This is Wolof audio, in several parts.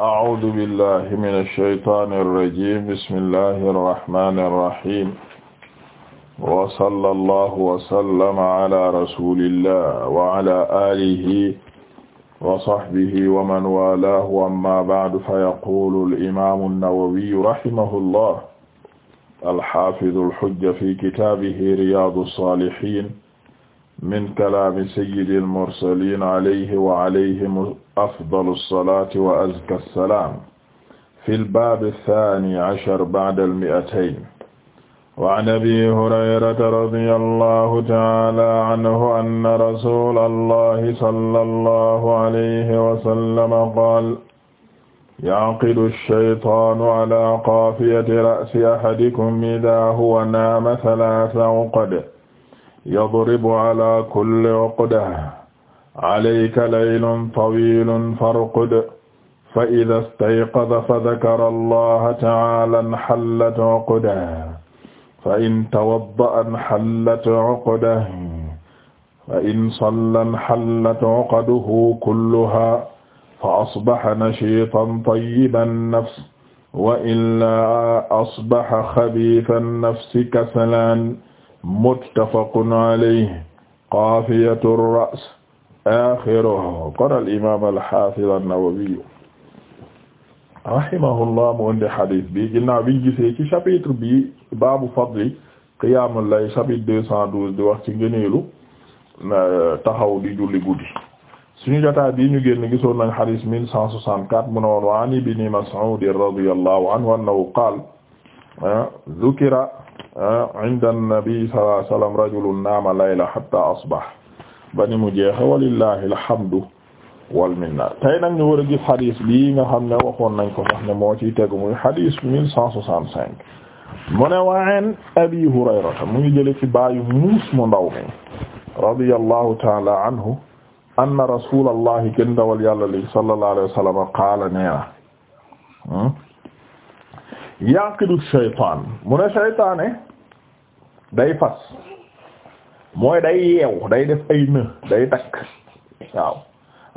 أعوذ بالله من الشيطان الرجيم بسم الله الرحمن الرحيم وصلى الله وسلم على رسول الله وعلى آله وصحبه ومن والاه أما بعد فيقول الإمام النووي رحمه الله الحافظ الحجة في كتابه رياض الصالحين من كلام سيد المرسلين عليه وعليهم afdalu salaati wa azka salaam fil baabi saani cashar ba'dal mi'atayn wa an abii hurayrata radiyallaahu ta'aalaa canhu anna rasuulallaahi sallallaahu alayhi wa sallam qaala yacqidu ash-shaytaanu calaa qaafiyati ra'si ahadikum idaa huwa naama salaasa uqad yadribu calaa kulli uqdatin alayka laylun tawilun farqud fa ida stayqada fa dakara allaha taala nxallat uqdah fa in tawadda'a nxallat uqdah fa in salla nxallat uqaduhu kulluha fa asbaha nashitan tayyiba nnafs wa illaa asbaha xabiisa nnafsi kasalan muttafaqun alayhi qaafiyatu rra's axiruhu qaala al imaam al haafiz an-Nawawi rahimahullah mu indi xadis bi ginnaaw biñ gisee ci chapitre bi baabu fadli qiyaamul layl chapitre deux cent douze di wax ci ngëneelu euh, taxaw di julli guddi suñu jotaay bii ñu génn gisoon nañ xadis mille cent soixante quatre mu ne woon wa an ibni Mas'uud radiyallahu anhu annahu qaala dhukira ah, ah, inda an-nabi sallallahu alayhi wa sallam rajulun naama layla hatta asbaha ba ni mu jeexe walillahi alhamdu wal minna tey nag ñu war a gis xadis bii nga xam ne waxoon nañ ko sax ne moo ciy tegu muy xadis mille cent soixante cinq mu ne waan abi hurayrata mu ngi jële ci baayu muus mu ndaw mi radiyallahu taala anhu anna rasulallahi kenn dawal yàlla li sallallahu alayhi wa sallam qaala neena hmm? yaqidu shaytaan mu ne shaytaane day fas mooy day yeew day def ay në day takk waaw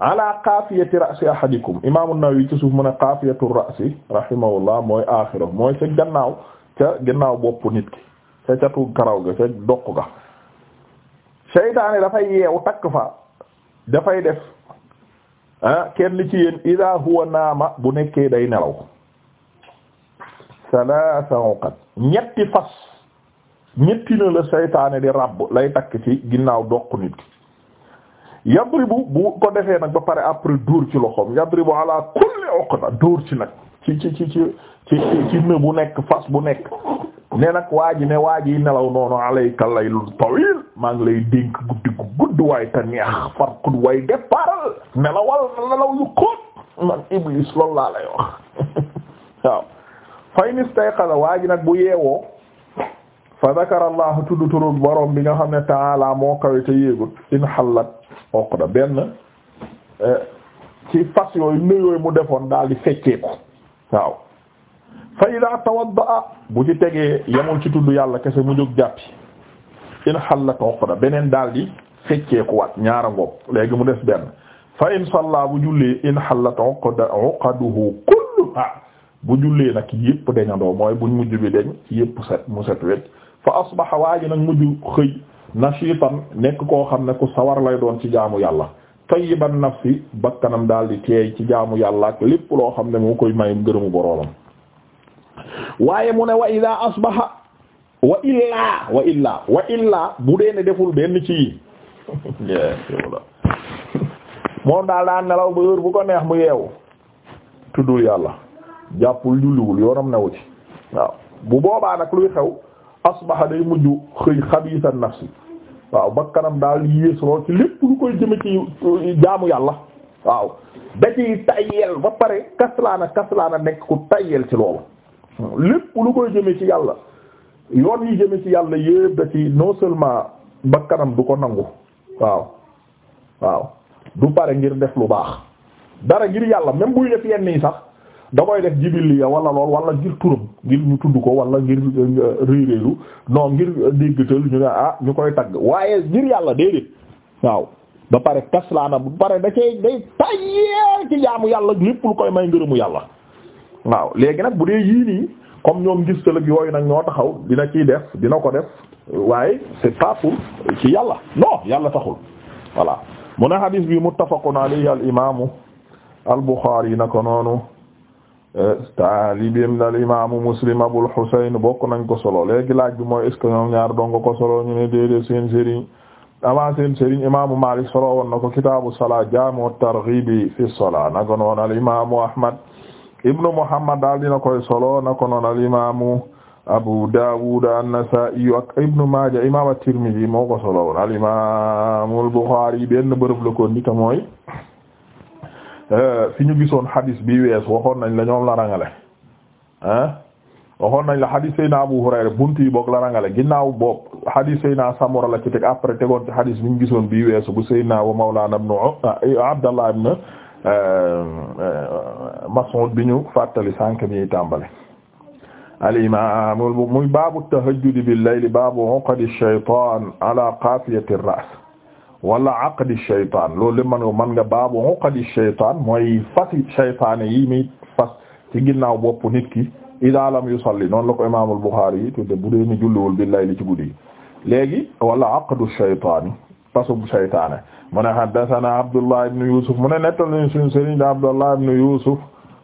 ala qafiyati ra'si ahadikum imaamu Nawawi ci suuf mu ne qafiyatu ra'si rahimahullah mooy axira mooy ca gannaaw ca gannaaw bopp nit ki ca catu karaw ga ca doq ga seytaane dafay yeew takk fa dafay def ah kenn ci yéen ida huwa naama bu nekkee day nelaw salaasa uqat ñetti fas ñetti na la seytaane di ràbb lay takk ci ginnaaw doq nit yabribu bu ko defee nag ba pare après dóor ci loxoom yabribu ala kulli uqda dóor ci nag ci ci ci ci ci ci ne bu nekk fas bu nekk ne nag waa ji ne waa ji nelaw noonu alayka laylun tawil maa ngi lay dénk guddi gu gudd waay te neex farqud way départal nelawal nelaw yu xóot man iblis loolu laa lay wax waaw fay nistayqala waa ji nag bu yeewoo fa zakara allah tudd turu borom bi nga xam ne taala moo kawe te yéegut in xallat uqda benn e, ci fas yooyu nuyooyu mu defoon daal di fecceeku waaw fa ida tawaddaa bu ci tegee yamul ci tudd yàlla kese mu jóg jàppi in xallat uqda beneen daal di fecceeku waat ñaara ngoog léegi mu des benn fa in salla bu jullee in xallat uqda uqaduhu kulluha bu jullee nag yépp dañandoo mooy buñ mujj bi dañ yépp set mu set wecc fa asbaha waa ji mujj xëy nashitan nekk koo xam ne ku sawar lay doon ci jaamu yàlla tayyiban nafsi bakkanam daal di teey ci jaamu yàlla ak lépp loo xam ne moo koy may ngërëmu boroomam waaye mu ne wa ida asbaha wa illaa wa illaa wa illaa dee ne deful benn ci yi moom daal daan nelaw ba heure bu ko neex mu yeewu tuddul yàlla jàppul julliwul yoonam newu ci waaw bu boobaa nag luy xew asbaha day mujj xëy xabiisa nafsi waaw bakkanam daal yées lool ci lépp lu koy jëme ci jaamu yàlla waaw da ciy tayyeel ba pare kaslaana kaslaana nekk ku tayyeel ci loolu lépp lu koy jëme ci yàlla yoon yi jëme ci yàlla yépp da ci non seulement bakkanam du ko nangu waaw waaw du pare ngir def lu baax dara ngir yàlla même buy def yenn yi sax da koy def jibiliya wala lool wala ngir turam ngir ñu tudd ko wala ngir euh, réeréeru noo ngir déggatal ñu ne ah ñu koy tagg waaye ngir yàlla déedéet waaw ba pare taslaana bu pare da cay day tayee ci jaamu yàlla lépp lu koy may ngërëmu yàlla waaw léegi nag bu dee yii nii comme ñoom gis tëlëg yooyu nag ñoo taxaw dina ciy def dina ko def waaye c'est pas ci yàlla non yàlla taxul voilà mu ne hadis bi muttafaqun alayhi al imaamu al Bukhari na ko noonu Euh, taalibeem dal imaamu muslim abul husayn bokk nañ ko solo léegi laaj bi mooy est ce que ñoom ñaar dongo ko solo ñu ne déedéet seen sëriñ avant seen sëriñ imaamu maalik solo woon ko kitaabu salaa jaamu targhibi fi salaa naka noonu al imaamu ahmad ibnu muhammad daal dina koy solo naka noonu al imaamu abu daawud an-nasaa'i ak ibnu maaja imaam at moo ko solo woon al imaamu al buxaari benn bërëb la ko nit Euh, fi ñu gisoon xadis bi wees waxoon nañ la ñoom la rangale waxoon nañ la xadis Seydina Abu Hurayra bunt yi boog la rangale ginnaaw boob xadis Seydina Samura la ci après tegoon ci xadis bi ñu gisoon bi weesu bu Seydina wa Mawlana ibn ah, Abdallah ibn euh, euh, Mas'ud bi ñu fàttali sànq bi ñuy tàmbale al muy baabu tahajjudi bil baabu uqadi shaytaan ala qaafiyati ar-ra's wala aqdi shaytaan loolu lépp man nga mën nga baabu uqadi shaytaan mooy fasi shaytaan yi muy fas ci ginnaaw bopp nit ki idaa lam yusalli noonu la ko imaamul Buxaari yi tudde bu dee ni julliwul billahi li ci guddi léegi wala aqdu shaytaan fasub shaytaane mu ne haddasanaa Abdullah ibn Yusuf mu ne nettal nañu suñu sëriñ da Abdullah ibn Yusuf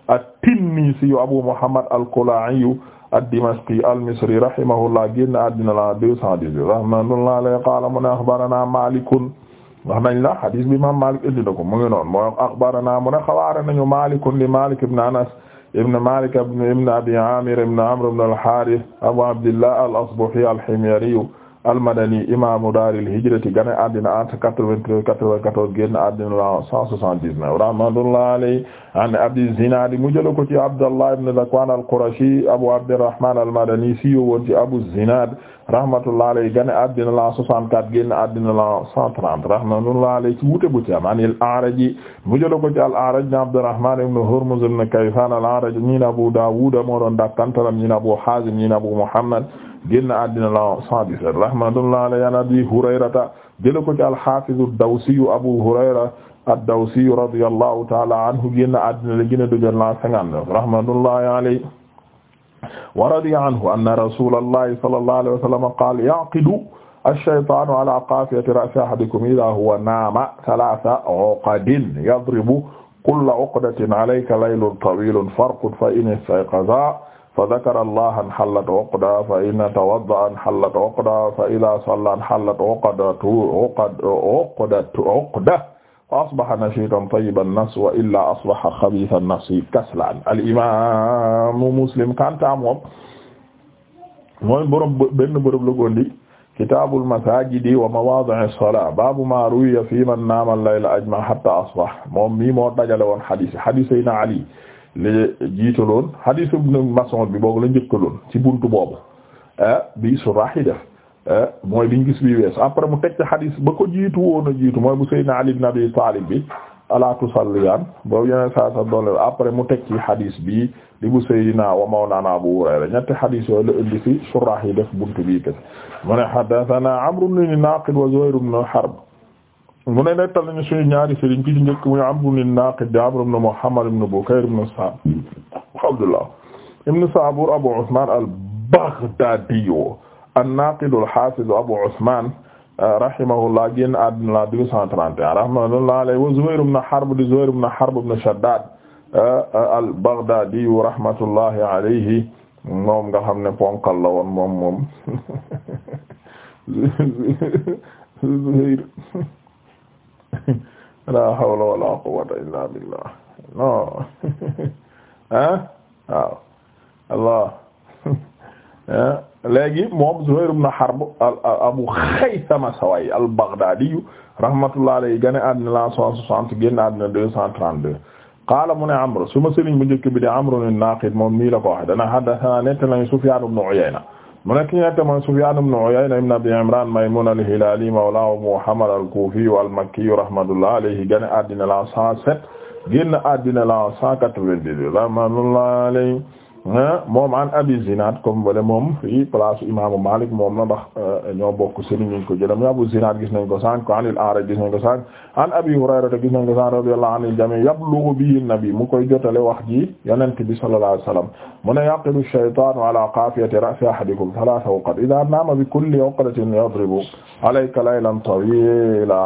at-Tinnisi Abu Muhammad al-Kalaa'i ad-Dimashqi al-Misri rahimahullah génn àddina la deux cent dix-huit rahmatullahi alayhi qaala mu ne axbaranaa Maalikun wax nañ la xadis bi imam Malik indi na ko mu ngi noonu moo axbarana mu ne xabaara nañu Malikun li Malik ibn Anas ibn Malik ibn Abi Amir ibn Amr ibn al-Harith Abu Abdillah al-Asbahi al-Himyari almadani imaamu daaril hijrati gane addina entre quatre-vingt-treize quatre-vingt-quatorze génn addina la cent soixante-dix-neuf rahmatullahi alayhi an Abdi Zinaad mu jël ko ci Abdallah ibn Zakwan al-Qurashi Abu Abdirrahman al-Madani siiw woon ci Abu Zinaad rahmatullahi alayhi gane addina la soixante-quatre génn addina la cent trente rahmatullahi alayhi ci wuute bu ci am an al-A'raj mu jël ko ci al-A'raj ibn Abdirrahman ibn Hurmuz ibn Kaysan al-A'raj ñi Abu Dawud moo doon dakkantalam ñi Abu Hazim ñi Abu Muhammad génn àddina la 117 rahmatullah alayhi an abi hurayrata jële ko ci al-hafiz ad-dawsi abu hurayra ad-dawsi radiyallahu ta'ala anhu génn àddina la gën a dëgër la 59 rahmatullahi alayhi wa radiya anhu anna rasulallahi sallallahu alayhi wa sallam qaala yaqidu ash-shaytaanu ala qaafiyati ra'si ahadikum idha huwa naama thalatha uqadin yadribu kulla uqdatin alayka laylun tawiilun farqud fa in istayqaza fa dakara allaha an hallat uqda fa in tawadda an hallat uqda fa ida salla an hallat uqdatu uqdatu uqda fa asbaha nashitan tayyiba an-nafs wa illa asbaha khabitha an-nafs kaslan al-imamu muslim kanta moom mooy borom benn borom la gondi kitabul masajidi wa mawadi'i as-salat babu ma ruwiya fi man nama al-layla ajma hatta asbaha moom mi moo dajale woon hadith hadith sayna ali la jiitaloon hadith ibn Mas'ud bi boobu la njëkkaloon ci buntu boobu ah, bi surah yi def mooy biñ gis bi weesu après mu teg ci hadith ba ko jiitu woon a jiitu mooy bu Seydina Ali ibn Abi Talib bi ala tusalliyaan boobu yeneen saa doole après mu teg ci hadith bi di bu Seydina wa Mawlana Abu Hurayra ñetti hadith yooyu la indi fi surah yi def bunt bi kese mu ne haddathana Amr ibn Naqid wa Zuhayr ibn Harb mu ne nettal nañu suñu ñaari sëriñ ki ci njëkk muy Amru ibn Naqid di Amru ibn Muhammad ibn Bukayr ibn Sa'd Abdullah ibn Sabur Abu Usman al-Baghdadi an-Naqid al-Hafiz Abu Usman rahimahullah génn àdduna la 231 rahmatullahi alayhi wa Zuhayr ibn Harb di Zuhayr ibn Harb ibn Shaddad euh, euh, al-Baghdadi rahmatullahi alayhi moom nga xam ne ponkal la woon moom moom la hawla wala quwwata illa billah non ah waaw allah léegi moom Zuhayr ibn Harb Abu Khaythama Saway al-Baghdadi rahmatullahi alayhi gane àddina la cent soixante génn àddina deux cent trente-deux qaala mu ne Amr su ma sëriñ bu njëkk bi de Amr an-Naqid moom nii la ko waxe dana haddathana nettali Sufyan ibn Uyayna mu nekk ñu nekk mooy Sufyaan ibn Uyayna ibn Abi Imraan Maymuun al-Hilaali mawlaa Abu Hamar al-Kuufi al-Makki rahmatullahi alayhi génn àddina la 107 génn àddina la 192 rahmatullahi alayhi moom an abi zinad comme bale moom fii place imaamu Malik moom la ndax euh, ñoo bokk sëriñ ñu ko jëlam abu zinad gis nañ ko sànq ko anil A'raj gis nañ ko sànq an abi Hurayra gis nañ ko sànq radiyallahu anil jami' yablughu bihi nabi mu koy jotale wax ji yonent bi sallallahu alayhi wasallam mu ne yaqidu shaytanu ala qafiyati ra'si ahadikum thalatha uqad idha nama bi kulli uqdatin yadribu alayka laylan tawila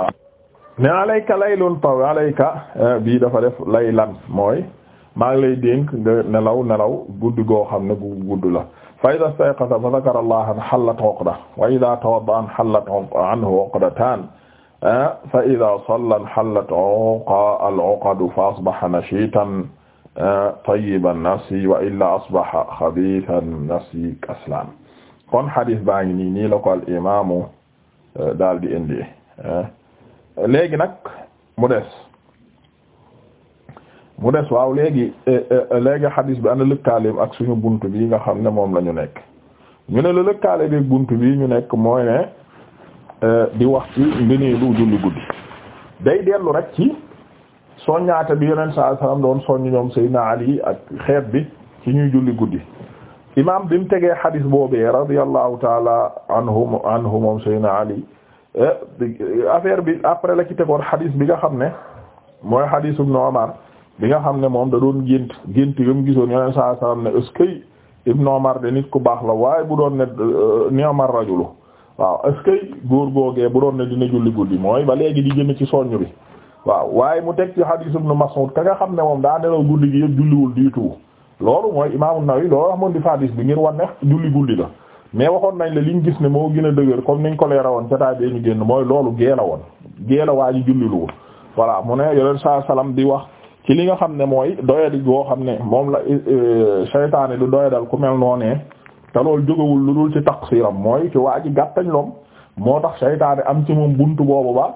ne alayka laylun tawila alayka euh, bi dafa def laylan mooy maa ngi lay dénk nga nelaw nelaw guddi goo xam ne gu gudd la fa ida stayqasa fa zakara allahan hallat uqda wa ida tawadda an hallat anhu uqdatan ah, fa ida salla hallat al uqadu fa asbaha nashitan ah, tayyiban nafsi wa illa asbaha khabithan nafsi kaslan kon hadis baa ngi nii nii la ko al imaamu eh, daal di indi eh. léegi nag mu des mu des waaw léegi eh, eh, eh, léegi xadis bi ana lëkkaaleem ak suñu bunt bi nga xam ne moom lañu nekk ñu ne la lëkkaale bi bunt bi ñu nekk mooy ne di wax ci ngëneelu julli guddi day dellu rek ci soññaate bi yeneen saa salaam doon soññ ñoom Seydina Ali ak xeet bi ci ñuy julli guddi imaam bi mu tegee xadis boobee radiyallahu taala anhu anhu moom Seydina Ali affaire bi après la ci tegoon xadis bi nga xam ne mooy xadisu Ibn Umar bi nga xam ne moom da doon gént gént yam gisoon yoneen saa sallam ne eskay ibnu Umar de nit ku baax la waaye bu doon ne euh, ni'mar rajulu waaw eskay góor googee bu doon ne dina julli guddi mooy ba léegi di jëm ci soññ bi waaw waaye mu teg ci hadith ibnu Mas'ud ka nga xam ne moom daa nelaw guddi gi yëpp julliwul diitu loolu mooy imaamu Nawawi loolu wax moon di hadith bi ngir wan ne julli guddi la mais waxoon nañ la liñ gis ne moo gën a dëgër comme niñ ko leera woon cataay bee ñu génn loolu gee woon gee waa ji julliluwul voilà mu ne yoneen saa sallam di wax ci li nga xam ne mooy doyadi goo xam ne moom la euh, euh, seytaane du doyadal ku mel noonee te loolu jógawul lu dul ci taksiram mooy ci waa ji gàttañ loom moo tax seytaane am ci moom buntu boobu ba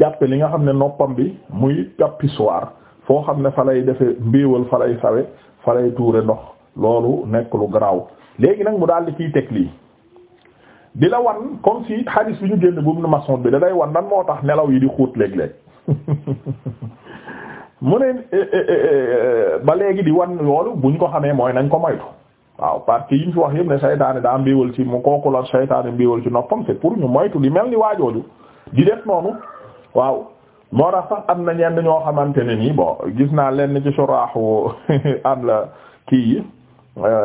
jàppe li nga xam ne noppam bi muy tapissoir foo xam ne fa lay defee mbiiwal fa lay sawe fa lay tuure ndox loolu nekk lu garaaw léegi nag mu daal di ciy teg lii di la wan comme si hadis bi ñu génn bu mu maçon bi da wan nan moo tax nelaw yi di xuut léeg-léeg mu ne eh, eh, eh, ba léegi di wan loolu buñ ko xamee mooy nañ ko moytu waaw parce que ñu fi wax yëpp ne saytaane daa mbiiwal ci mu kooku la saytaane mbiiwal ci noppam c'est pour ñu moytu di mel ni waajooju di def noonu waaw moo tax sax am na ñeen ñoo xamante ne nii bon gis naa leen ci suraaxu am la kii yi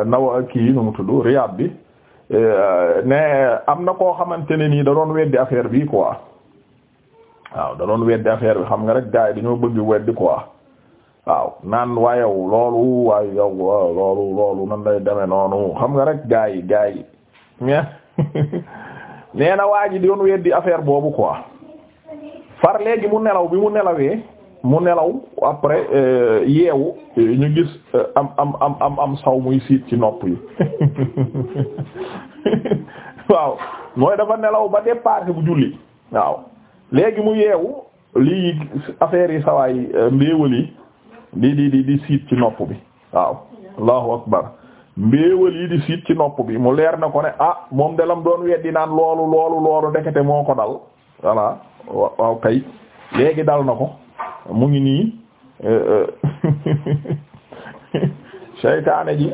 nawa kii yi nu mu tudd Riyad bi ne am na koo xamante ne nii da doon weddi affaire bi quoi. waaw da doon weddi affaire bi xam nga rek gars yi dañoo bëgg weddi quoi waaw naan waa yow loolu waa yow loolu loolu nan lay noonu xam nga rek gars yi gars yi mais nee na waa ji doon weddi affaire boobu quoi far léegi mu nelaw bi mu nelawee mu nelaw après euh, yeewu euh, ñu gis euh, am am am am am saw muy siit ci nopp yi waaw mooy dafa nelaw ba départ bu julli waaw. léegi mu yeewu lii affaire yi sawaay euh, mbéewal yi di di di di siit ci nopp bi waaw allahu akbar mbéewal yi di siit ci nopp bi mu leer na ko ne ah moom delam doon weddi naan loolu loolu loolu ndekete moo ko dal voilà waaw kay léegi dal na ko mu ngi nii euh, euh. seytaane ji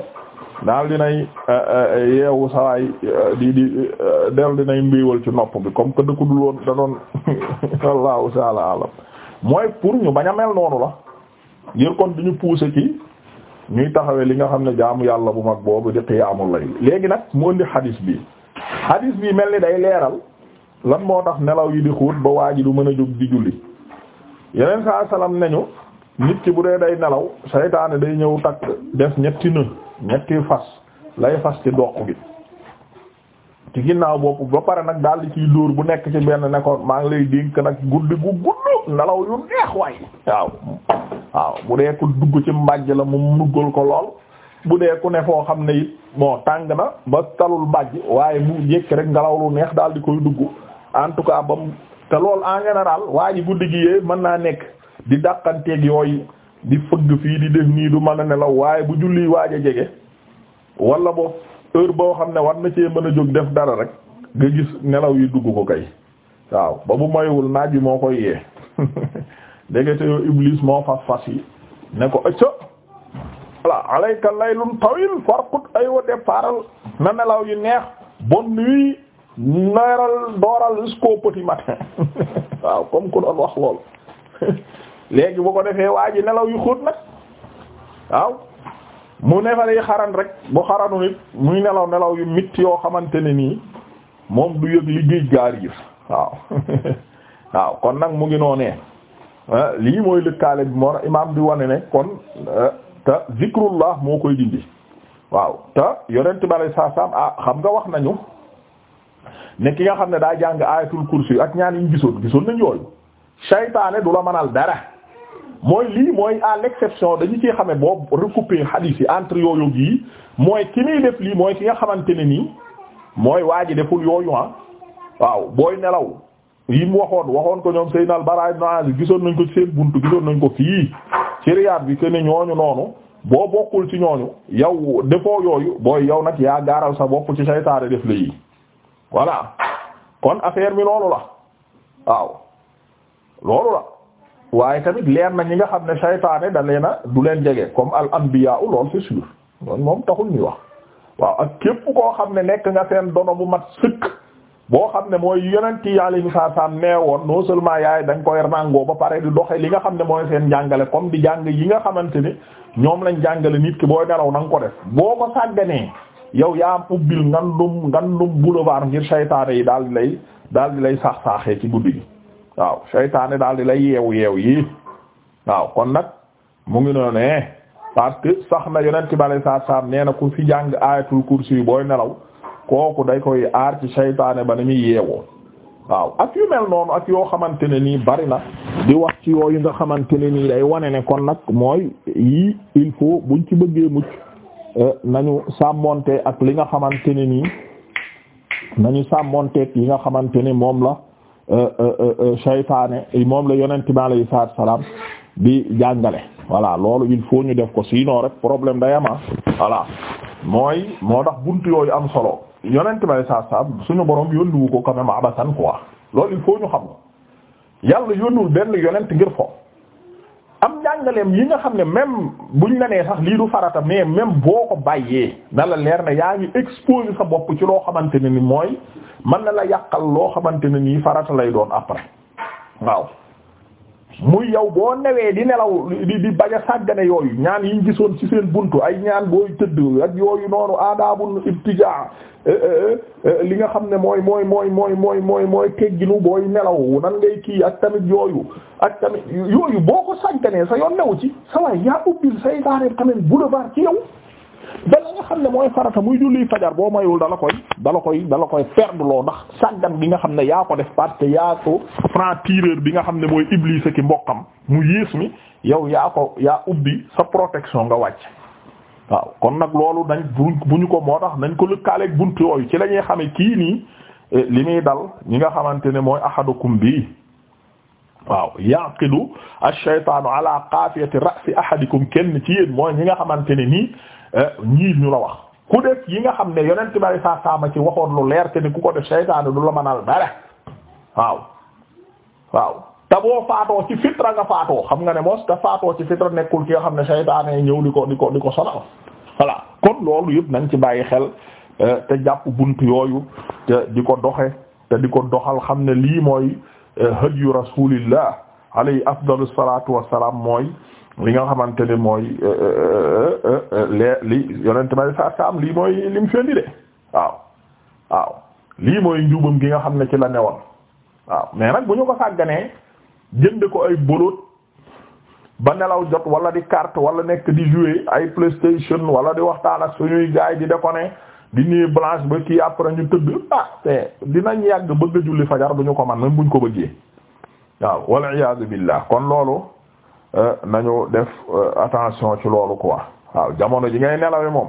daal dinay eh, eh, eh, yeewu sawaay di di del dinay mbiiwal ci nopp bi comme que da ko woon da doon wallahu taala alam mooy pour ñu bañ a mel noonu la ngir kon duñu pousser ci ñuy taxawee li nga xam ne jaamu yàlla bu mag boobu di qiyaamul layl léegi nag mu indi xadis bi xadis bii mel ni day leeral lan moo tax nelaw yi di xuut ba waa ji du mën a jóg di julli yeneen saa salaam nañu nit ki bu dee day nelaw saytaane day ñëw takk def ñetti në ñetti fas lay fas ci doq bi ci ginnaaw bopp ba pare nag daal di ciy dóor bu nekk ci benn ne maa ngi lay dénk nag guddi gu gudd nelaw yu neex waay waaw waaw bu dee ku dugg ci mbàjj la mu nuggal ko lool bu dee ku ne foo xam ne it bon tàng na ba talul mbàjj waaye mu jékki rek ngelaw lu neex daal di koy dugg en tout cas ba mu te lool en général waa ji guddi gi yee mën naa nekk di dàqanteeg yooyu di fëgg fii di def nii du mën a nelaw waaye bu julli waaj a jege wala bo heure boo xam ne war na cee mën a jóg def dara rek nga gis nelaw yi dugg ko kay waaw ba bu moywul naaj bi moo koy yee ndekete yoo iblis moo fas fas yi ne ko ëcca voilà alayka laylun tawil farqut ay wa départal na nelaw yi neex bonne nuit neeral dooral jusqu'au petit matin waaw comme ku doon wax lool léegi boo ko defee waa ji nelaw yu xóot nag waaw mu nefalee xaran rek bu xaranu nit muy nelaw nelaw yu mitt yoo xamante ne nii moom du yëg li géej gaar yi waaw waaw kon nag mu ngi noonee ah lii mooy lëkkaale bi moo imaam bi wane ne kon ah te zikrullah moo koy dindi waaw te yonent bale saa saam ah xam nga wax nañu ne ki nga xam ne daa jàng ayatul kursi ak ñaan yi ñu gisoon gisoon nañ yooyu saytaane du la mënal dara mooy lii mooy à l'exception dañu ciy xame boobu recoupé hadith yi entre yooyu gii mooy ki muy def lii mooy ki nga xamante ne nii mooy waa ji deful yooyu ah waaw booy nelaw yi mu waxoon waxoon ko ñoom Seydina al-Bara ibn Azib gisoon nañ ko ci seen buntu gisoon nañ ko fii ci Riyad bi que ne ñooñu noonu boo bokkul ci ñooñu yow defoo yooyu booy yow nag yaa gaaral sa bopp ci saytaare def la yi voilà kon affaire mi loolu la waaw loolu la. waaye tamit leer na ñi nga xam ne saytaane da leena du leen jege comme al anbiya lool c'est sûr loolu moom taxul ñuy wax waaw ak képp koo xam ne nekk nga seen dono bu mat sëkk boo xam ne mooy yonent yi alayhi salaam nee woon non seulement yaay dañ koy ràngoo ba pare di doxe li nga xam ne mooy seen jàngale comme di jàng yi nga xamante ni ñoom lañ jàngale nit ki booy nelaw na ko def boo ko sàgganee yow yaa am ubbil ngandum ngandum boulevard ngir saytaane yi daal lay daal di lay saax saaxee ci guddi gi. waaw seytaane daal di lay yeewu yeew yi waaw kon nag mu ngi noonu ne eh parce que sax na yonent bi saa saam nee na ku fi jàng aayatul kursi yu booy nelaw kooku day koy aar ci seytaane ba ni muy yeewoo waaw ak yu mel noonu ak yoo xamante ne nii bari na di wax ci yooyu nga xamante ne nii day wane ne kon nag mooy yii il faut buñ ci bëggee mucc eh, nañu sàmmonte ak li nga xamante ne nii nañu sàmmonteeg yi nga xamante ne moom la Euh, euh, euh, saytaane moom la yonent bi alayhi salaatu salaam bi jàngale voilà loolu il faut ñu def ko sinon rek problème day am voilà mooy moo tax buntu yooyu am solo yonent bi alayhi salaatu salaam suñu borom yónnuwu ko quand même abasan quoi loolu il faut ñu xam ko yàlla yónnuwul benn yonent ngir fo am jàngaleem yi nga xam ne même buñ la nee sax lii du farata mais même boo ko bàyyee na la leer ne yaa ngi exposé sa bopp ci loo xamante ne ni mooy man na la yàqal loo xamante ne nii farata lay doon après waaw muy yow boo newee di nelaw di di bañ a sàggane yooyu ñaan yiñ gisoon ci seen buntu ay ñaan booy tëdd ak yooyu noonu aadaabul ibtijaa eh, eh, eh, li nga xam ne mooy mooy mooy mooy mooy mooy mooy tegginu booy nelaw nan ngay kii ak tamit yooyu ak tamit yooyu boo ko sàgganee sa yoon newu ci sa waay yaa ubbil saytaane tamit boulevard ci yow ba nga xam ne mooy farata muy julli fajar boo mayul dala koy dala koy dala koy perdre loo ndax sàggan bi nga xam ne yaa ko def parce que yaa ko franc bi nga xam ne mooy Iblis ki mbokkam mu yées mi yow yaa ko yaa ubbi sa protection nga wàcc. waaw kon nag loolu dañ bu ñu ko moo tax nañ ko lëkkaaleeg buntu yooyu ci la ñuy xame kii nii eh, li muy dal ñi nga xamante ne mooy ahadukum bi waaw yaqidu ash-shaytaanu ala qafiyati ra'si ahadikum kenn ci yéen mooy ñi nga xamante ne nii. Euh, ñii ñu la wax ku def yi nga xam ne yonent bari saa saama ci waxoon lu leer te ni ku ko def seytaane du la mënal dara waaw waaw te faatoo ci fitra nga faatoo xam nga ne mos te faatoo ci fitra nekkul ki nga xam ne seytaane ñëw di ko di ko di ko sonal voilà kon loolu yëpp nañ ci bàyyi xel euh, te jàpp bunt yooyu te di ko doxe te di ko doxal xam ne lii mooy euh, hadiyu rasulillah alayhi afdalu salatu wassalam mooy li nga xamante ne mooy euh, euh, euh, lee li yonente may sa saam lii mooy lim fendi de waaw waaw lii mooy njubam gi nga xam ne ci la newoon waaw mais nag bu ñu ko sàgganee jënd ko ay bolot ba nelaw jot wala di carte wala nekk di jouer ay PlayStation wala di waxtaan ak suñuy gaay di déconner di nuit blanche ba kii après ñu tëdd ah te dinañ yàgg bëgg a julli fajar bu ñu ko man même buñ ko bëggee waaw wal iyaazu billah kon loolu Euh, nañu def euh, attention ci loolu ko waa waaw jamono ji ngay nelawe moom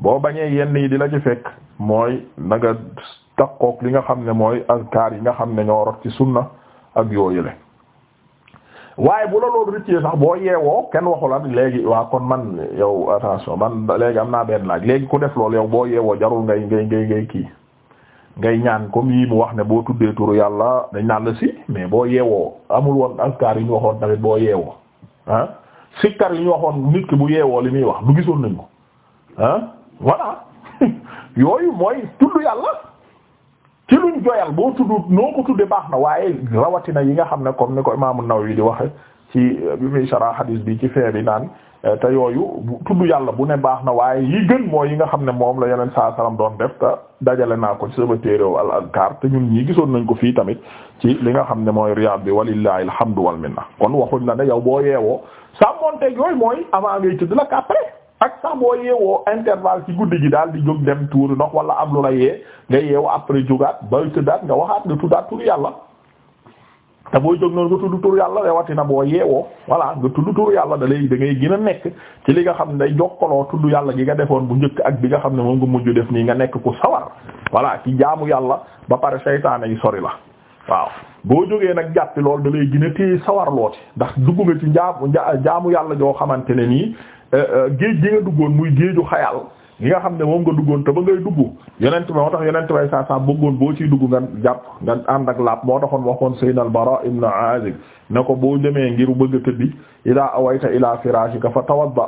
boo bañee yenn yi di la ci fekk mooy naga nga takkook li nga xam ne mooy azkaar yi nga xam ne ñoo rot ci sunna ak yooyule waaye bu la loolu rëccee sax boo yeewoo kenn waxu la léegi waa kon man yow attention man léegi am naa benn laaj léegi ku def loolu yow boo yeewoo jarul ngay ngay ngay ngay kii ngay ñaan comme yi mu wax ne boo tuddee turu yàlla dañ naan si mais boo yeewoo amul woon azkaar yi ñu waxoon boo yeewoo ah sikkar yi ñu waxoon nit ki bu yeewoo li muy wax du gisoon nañ ko ah voilà yooyu mooy tudd yàlla ci luñ joyal boo tudd noo ko tuddee baax na waaye rawatina yi nga xam ne comme ni ko imaamu Nawawi di waxe ci bi muy sara hadis bi ci fee bi naan eh, te yooyu tudd yàlla bu ne baax na waaye yi gën mooy yi nga xam ne moom la yeneen saa salaam doon def te dajale naa ko ci sama téerew al azkar te ñun ñii gisoon nañ ko fii tamit ci li nga xam ne mooy riyaad bi walillahi alhamdu wal na kon waxuñ la ne yow boo yeewoo sa monteeg yooyu mooy avant ngay tëdd après ak sax boo yeewoo intervalle ci guddi gi daal di jóg dem tuuri ndox wala am lu la yee nga yeewu après jógaat bay tëddaat nga waxaat nga tuddaat yàlla te boo jóg noonu nga tudd tur yàlla na boo yeewoo voilà nga tudd tur yàlla da lay da ngay gën a nekk ci li nga xam ne day jokkaloo tudd yàlla gi nga defoon bu njëkk ak bi nga xam ne moom nga mujj def nii nga nekk ku sawar voilà ci jaamu yàlla ba pare seytaane yi sori la waaw boo jógee nag jàppi loolu da lay gën a téye sawarlooti ndax dugg nga ci njaamu jaamu yàlla joo xamante ne nii euh, euh, géej gi nga duggoon muy géeju xayal ni nga xam ne moom nga duggoon te ba ngay dugg yonent ba moo tax yonent bay saa saa bëggoon boo ciy dugg nga jàpp nga ànd ak laab moo taxoon waxoon sayyid al-Bara ibn Azib ne ko boo demee ngir bëgg tëddi ila awayta ila firashika fa tawadda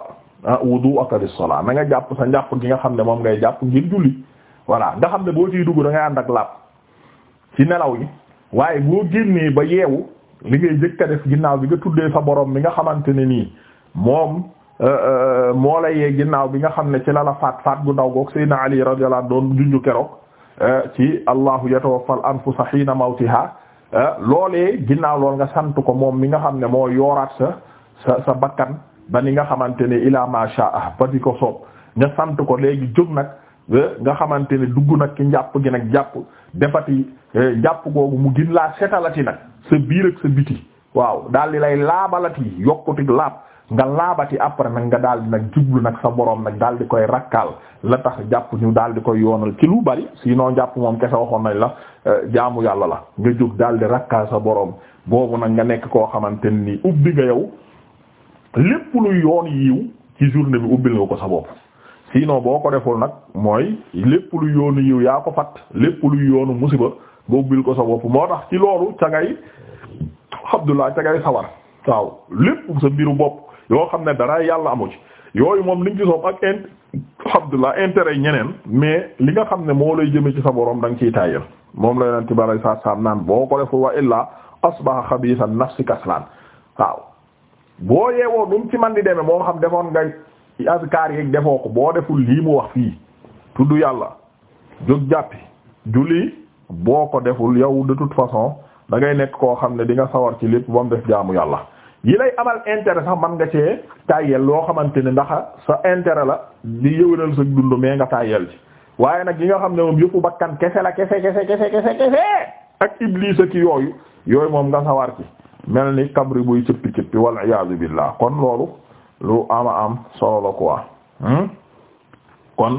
wudu'aka lis-salat na nga jàpp sa njàpp gi nga xam ne moom ngay jàpp ngir julli voilà nga xam ne boo ciy dugg da ngay ànd ak laab ci nelaw yi waaye boo génnee ba yeewu li ngay jëkk a def ginnaaw bi nga tuddee sa borom mi nga xamante ne nii moom Euh, euh, moo lay ginnaaw bi nga xam ne ci la la faat faat gu ndaw goog Seydina Ali radiyallahu anhu doon junju keroog euh, ci allahu yatawaffal anfusa hiina mawtiha loolee ginnaaw lool nga sant ko moom mi nga xam ne moo yooraat sa sa sa bakkan ba ni nga xamante ne ilaa ma sha'a ba di ko soob nga sant ko léegi jóg nag nga xamante ne dugg nag ci njàpp gi nag jàpp defati jàpp googu mu gin laa setalati nag sa biir ak sa biti waaw daal di lay laabalati yokkute laab nga laabati après nag nga daal di nag jublu nag sa borom nag daal di koy rakkaal la tax jàpp ñu daal di koy yoonal ci lu bari sinon jàpp moom kese waxoon nañ la euh, jaamu yàlla la nga jóg daal di rakkaal sa boroom boobu nag nga nekk koo xamante ni ubbi nga yow lépp lu yoon yiw ci journée bi ubbil nga ko sa bopp. sinon boo ko deful nag mooy lépp lu yoonu yiw yaa ko fat lépp lu yoonu musiba nga ubbil ko sa bopp moo tax ci loolu ca Abdullah te ngay sawar waaw lépp sa mbiru bopp yoo xam ne dara yàlla amu ci yooyu moom liñ ci soob ak int Abdullah intérêt ñeneen mais li nga xam ne moo lay jëme ci sa boroom da nga ciy moom lay yonent bi sallallahu alayhi wasallam naan boo ko defu wa illaa asbaha xabiisa nafsi kaslaan waaw boo yeewoo du mu ci man di demee moo xam defoon nga azkaar yeeg defoo ko boo deful lii mu wax fii tudd yàlla jóg jàppi julli boo ko deful yow de toute façon da ngay nekk koo xam ne di nga sawar ci lépp ba def jaamu yàlla yi lay amal intérêt sax man nga cee tàyyel loo xamante ne ndax sa intérêt la di yëwénal sa dund mais nga tàyyel ci waaye nag yi nga xam ne moom yëfu bakkan kese la kese kese kese kese kese ak iblis ak yooyu yooyu moom nga sawar ci mel ni kabri buy cëppi cëppi wal iyaazu billah kon loolu lu ama am solo la quoi hmm? kon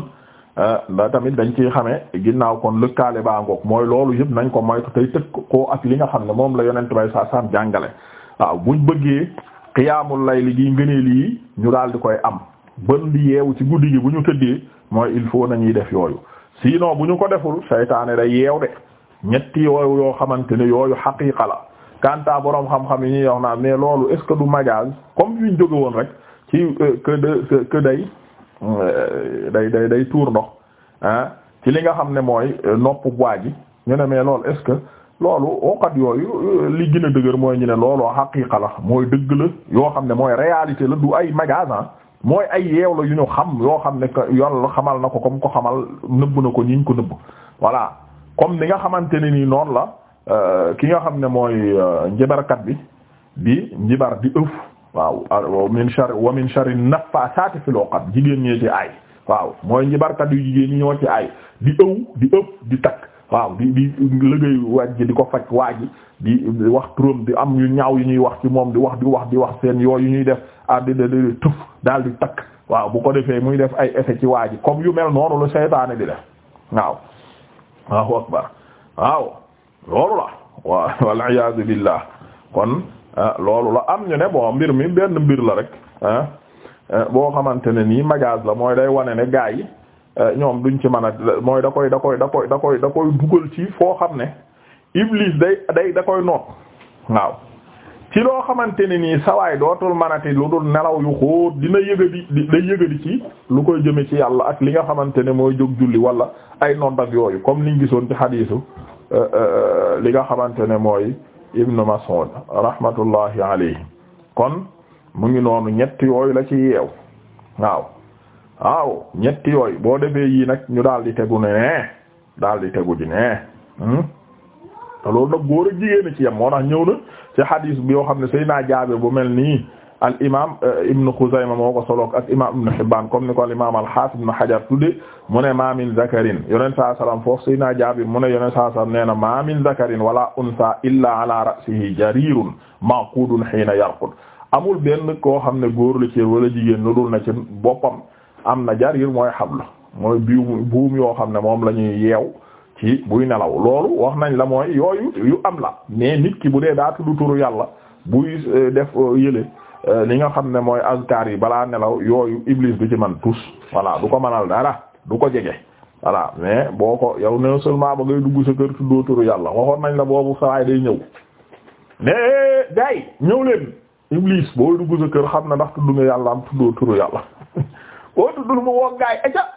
nda eh, tamit dañ ciy xamee ginnaaw kon lëkkaale baa ngoog mooy loolu yëpp nañ ko moytu tey tëkk ko ak li nga xam ne moom la yonent bay saa saam jàngale waaw buñ bëggee xiyaamul lay li gi ngëneel yi ñu daal di koy am bën di yeewu ci guddi gi bu ñu tëddee mooy il faut nañuy def yooyu sinon bu ñu ko deful saytaane day yeew de ñetti yooyu yoo xamante ne yooyu xaqiiqa la kanta boroom xam-xam yi ñuy wax naa mais loolu est ce que du majaaz comme fi ñu jóge woon rek ci euh, que day day day tuur ndox ah ci li nga xam ne mooy euh, nopp waa ji ñu ne mais loolu est-ce que loolu oqat yooyu euh, li gën a dëgër mooy ñu ne looloo xaqiiqa la mooy dëgg la yoo xam ne mooy réalité la du ay magasin mooy ay yeew la yu ñu xam yoo xam ne que yoon la xamal na ko comme ko xamal nëbb na ko ñiñ ko nëbb voilà comme ni nga xamante ne nii noonu la euh, ki nga xam ne mooy njibarkat bi di njibar di ëf waaw min shar wa min shar naffasaati fil uqad jigéen ñee ci ay waaw mooy barkat yu jigéen ñi ñoo ci ay di ëw di ëpp di takk waaw di di liggéey waaj ji di ko faj waa di wax turam di am yu ñaaw yu ñuy wax ci moom di wax di wax di wax seen yooyu ñuy def addi ah da di tuf daal di takk waaw bu ko defee muy def ay effet ci waa ji comme yu mel noonu lu seytaane di def waaw waaw akbar waaw loolu la waaw wal iyaazu billah kon Ah, loolu la am ñu ne bon mbir mi benn mbir la rek ah, eh, boo xamante ne nii magaas la mooy day wane ne gaa yi eh, ñoom duñ ci mën a mooy da koy da koy da koy da dugal ci foo xam ne iblis day day da koy noot waaw ci loo xamante ne nii sawaay dootul manati lu dul nelaw yu xóot dina yëgadi di day yëgadi ci lu koy jëme ci yàlla ak li nga xamante ne mooy jóg julli wala ay nodd ak yooyu comme liñ gisoon ci xadiisu eh, li nga xamante ne mooy ibnu Mas'ud rahmatullahi alayhi kon mu ngi noonu ñett yooyu la ci yeew waaw waaw ñett yooyu boo demee yii nag ñu daal di tegu ne daal di tegu di ne hmm? te loolu nag góor ak jigéen a ci yem moo tax ñëw na ci hadis bi yoo xam ne naa Jaabir bu mel nii al imaam euh, Ibn Khuzayma moo ko solo ak imaam Ibn Hibbaan comme ni ko al imaam al-Haafiz Ibn Hajar tudde mu ne ma min zakarin yonent saa salaam foofu Seydina Jaabir mu ne yonent saa salaam nee ma min zakarin wala unsa illa ala ra'sihi jariirun ma'quudun hiina yarqud amul benn koo xam ne góor la ci wala jigéen lu dul na ci boppam am na jariir mooy xablu mooy buum yoo xam ne moom la ñuy yeew ci nelaw loolu wax nañ la mooy yooyu yu am la mais ki bu dee daa tudd turu yàlla buy euh, def euh, yële. Euh, li nga xam ne mooy azkar yi balaa nelaw yooyu iblis du ci man tus voilà du ko manal dara du ko jege voilà mais boo ko yow non seulement ba ngay dugg sa kër tuddoo turu yàlla waxoon nañ la boobu sawaay day ñëw mais gay ñëw leen iblis boo dugg sa kër xam na ndax tudd nga yàlla am tuddoo turu yàlla boo tuddul mu woo gaay aca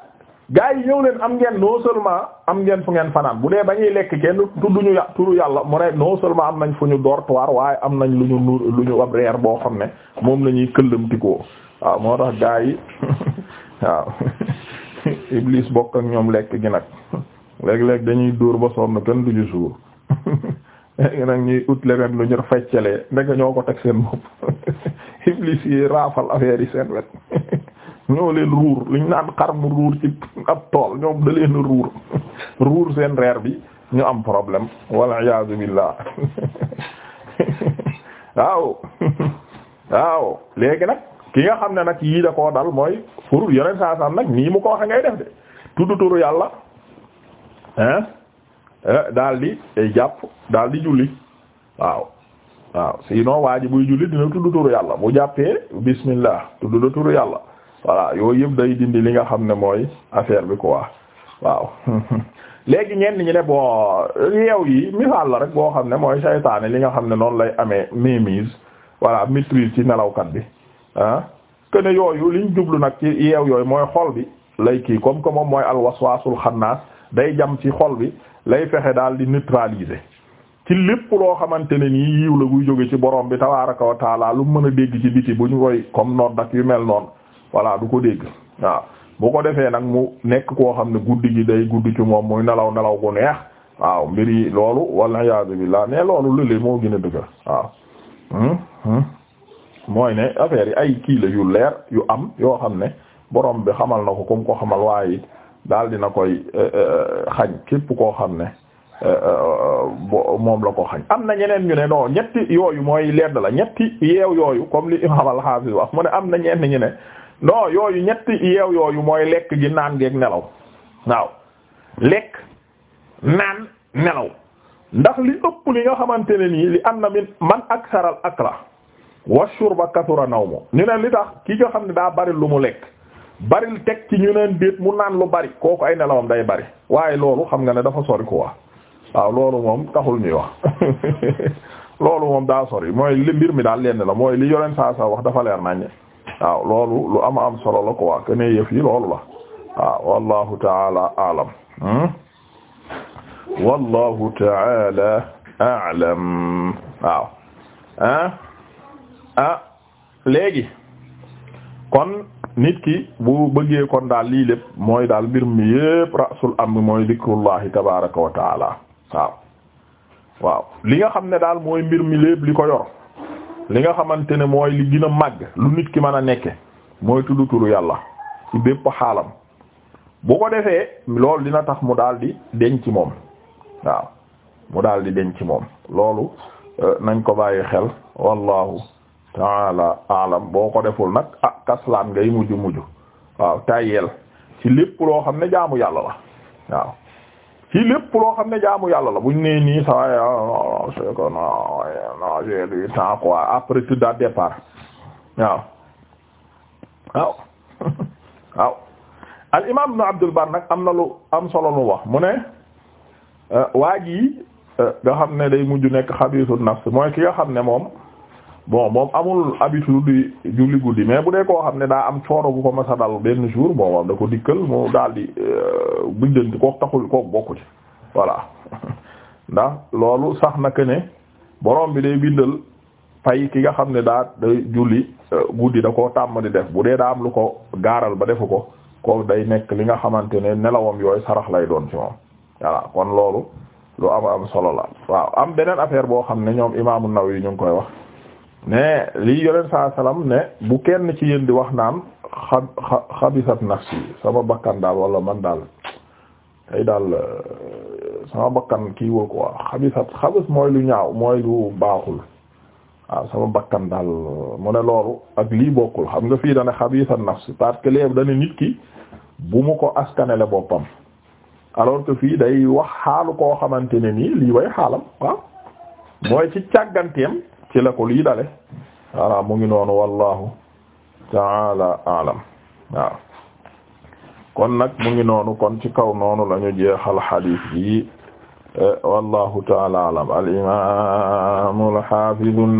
gaa yi ñëw leen am ngeen non seulement am ngeen fu ngeen fanaan bu dee ba ñuy lekk kenn tudduñu yà turu yàlla mu ne non seulement am nañ fu ñu dortoir waaye am nañ lu ñu nuur lu ñu ab reer boo xam ne moom la ñuy këllëmtikoo waaw moo tax gaa yi waaw Iblis bokk ñoom lekk gi nag léeg-léeg dañuy dóor ba sonn kenn duñu suur léegi nag ñuy ut leneen lu ñu feccalee ndeke ñoo ko teg seen bopp Iblis yi raafal affaire yi seen wet ñoo leen ruur li naan xar mu ruur ci ab tool ñoom da leen ruur ruur seen reer bi ñu am problème walla iyaazu billaah waaw waaw léegi nag ki nga xam ne nag yii da koo dal mooy pour yeneen saa saa nag nii mu ko waxe ngay def de tuddu turu yàlla hein eh, daal di eh, jàpp daal di julli waaw waaw sinon waa ji buy julli dina tuddu turu yàlla bu jàppee bismillah tuddu turu yàlla voilà yooyu yëpp day dindi li nga xam ne mooy affaire bi ko quoi waaw léegi ñenn ñi ne bon yeew yi misaal la rek boo xam ne mooy saytaane li nga xam ne noonu lay amee mémise voilà maîtrise ci nelawkat bi ah que ne yooyu liñ jublu nag ci yeew yooyu mooy xol bi lay kii comme que moom mooy alwaswaasul xannaas day jam ci xol bi lay fexe daal di neutraliser ci lépp loo xamante ne nii yiw la guy jóge ci borom bi tabaaraka wa taala mën a dégg ci biti bu ñu koy comme nodd ak yu mel noonu. voilà du ko dégg waaw bu ko defee nag mu nekk koo xam ne guddi gi day guddi ci moom muy nelaw nelaw bu neex waaw mbir loolu walla iyaazu laa ne loolu lële moo gën a dëgër waaw hmm hmm mooy ne affaire yi ay kii la yu leer yu am yoo xam ne borom bi xamal na ko comme ko xamal waaye daal dina koy euh, euh, xañ képp koo xam ne euh, bo moom la ko xañ am na ñeneen ñu ne non ñetti yooyu mooy ledd la ñetti yeew yooyu comme li imam al-Hafiz wax mu ne am na ñenn ñu ne no yooyu ñetti yeew yooyu mooy lekk gi naan geeg nelaw waaw lekk naan nelaw ndax li ëpp li nga xamante ne nii li am na min man aksaral akla ba shurba naw nawmu ñu neen li tax ki nga xam ne daa bari lu mu lekk bari teg ci ñu neen déet mu naan lu bari kooku ay nelawam day bari waaye loolu xam nga ne dafa sori ko wax waaw loolu moom taxul ñuy wax loolu moom daa sori mooy li mbir mi daal lenn la mooy li yoleen saa saa wax dafa leer naññe waaw loolu lu am am solo la ko que ne yëf loolu la waaw wallahu taala alam hmm? wallahu taala alam waaw ah ah léegi kon nit ki bu bëggee kon daal lii lépp mooy daal mbir mi yépp rasul am mooy zikrullahi tabaraka wa taala li nga xam ne daal mooy mbir mi lépp li ko yor li nga xamante ne mooy li gën a màgg lu nit ki mën a nekke mooy tudd turu yàlla ci bépp xaalam bu ko defee loolu dina tax mu daal di deñ ci moom waaw mu daal di ci moom loolu euh, nañ ko bàyyi xel wallahu taala boo ko deful nag ah kaslaan ngay mujj mujj waaw tàyyeel ci lépp loo xam ne jaamu yàlla la waaw ci lépp loo xam ne jaamu yàlla la buñ nee nii ça va c'est que non non j'ai du temps quoi après tout à départ waaw waaw waaw al nag am na lu am solo wax mu ne euh, waa ji euh, nga xam ne day mujj nekk xabiisu nafs ki nga xam ne moom bon moom amul habitude di julli guddi mais bu dee koo xam ne daa am coono bu ko masa dal benn jour bon da ko dikkal mu daal di euh, bujjanti kook taxul kook bokku ci voilà ndax loolu sax na que ne borom bi day bindal pay ki nga xam ne daa day julli euh, guddi da koo tàmm di def bu dee daa am lu ko gaaral ba defu ko ko day nekk li nga xamante ne nelawam yooyu sarax lay doon ci moom voilà kon loolu lu am am solo la waaw am beneen affaire boo xam ne ñoom imaamu Nawawi ñu ngi koy wax ne lii yoneen saa salaam ne bu kenn ci yéen di wax naan xa xa xabisat nafsi sama bakkan daal walla man daal tey daal euh, sama bakkan kii woo quoi xabisat xabis mooy lu ñaaw mooy lu baaxul waaw sama bakkan daal mu ne loolu ak lii bokkul xam nga fii dana xabisat nafsi parce que léegi dana nit ki bu mu ko askanele boppam alors que fii day wax xaalu koo xamante ne nii lii way xaalam waaw mooy ci càgganteem. ci la ko lii dale voilà mu ngi noonu wallahu taala alam waaw kon nag mu ngi noonu kon ci kaw noonu la ñu jeexal xadiis eh, wallahu taala alam al imaam al xaafiz